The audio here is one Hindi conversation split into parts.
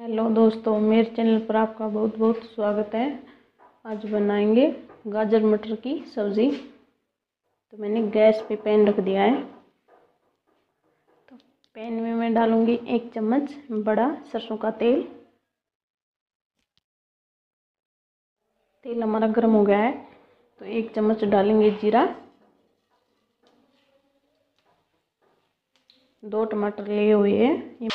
हेलो दोस्तों मेरे चैनल पर आपका बहुत बहुत स्वागत है आज बनाएंगे गाजर मटर की सब्ज़ी तो मैंने गैस पे पैन रख दिया है तो पैन में मैं डालूँगी एक चम्मच बड़ा सरसों का तेल तेल हमारा गर्म हो गया है तो एक चम्मच डालेंगे जीरा दो टमाटर लिए हुए हैं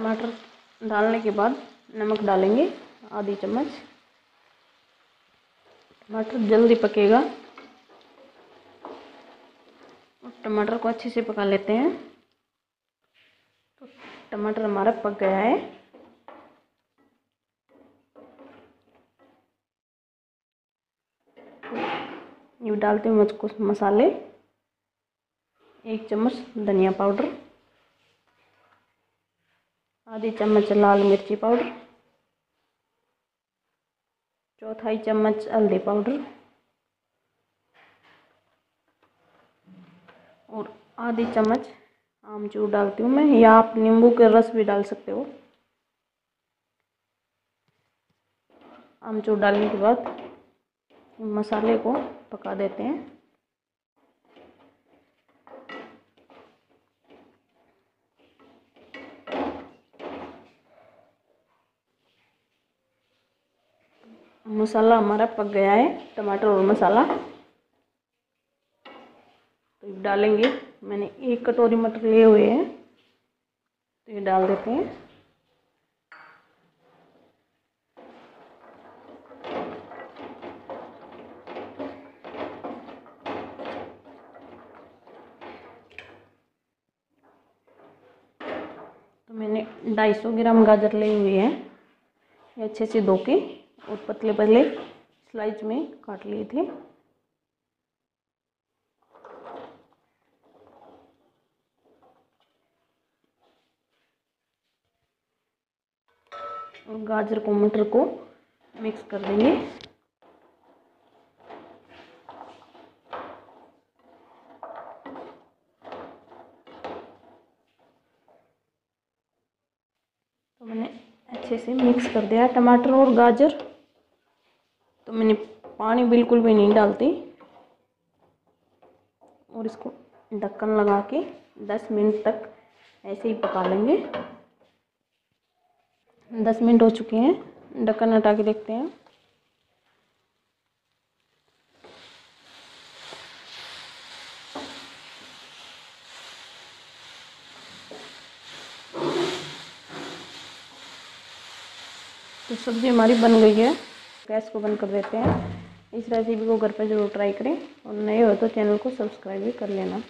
टमाटर डालने के बाद नमक डालेंगे आधी चम्मच टमाटर जल्दी पकेगा और टमाटर को अच्छे से पका लेते हैं तो टमाटर हमारा पक गया है ये डालते हैं मुझको मसाले एक चम्मच धनिया पाउडर आधी चम्मच लाल मिर्ची पाउडर चौथाई चम्मच हल्दी पाउडर और आधी चम्मच आमचूर डालती हूँ मैं या आप नींबू के रस भी डाल सकते हो आमचूर डालने के बाद मसाले को पका देते हैं मसाला हमारा पक गया है टमाटर और मसाला तो डालेंगे मैंने एक कटोरी मटर लिए हुए हैं तो ये डाल देते हैं तो मैंने ढाई सौ ग्राम गाजर ले हुई है ये अच्छे से धो के और पतले पतले स्लाइस में काट लिए थे गाजर को मटर को मिक्स कर देंगे तो मैंने अच्छे से मिक्स कर दिया टमाटर और गाजर तो मैंने पानी बिल्कुल भी नहीं डालती और इसको ढक्कन लगा के 10 मिनट तक ऐसे ही पका लेंगे 10 मिनट हो चुके हैं ढक्कन हटा के देखते हैं तो सब्ज़ी हमारी बन गई है गैस को बंद कर देते हैं इस रेसिपी को घर पर ज़रूर ट्राई करें और नए हो तो चैनल को सब्सक्राइब भी कर लेना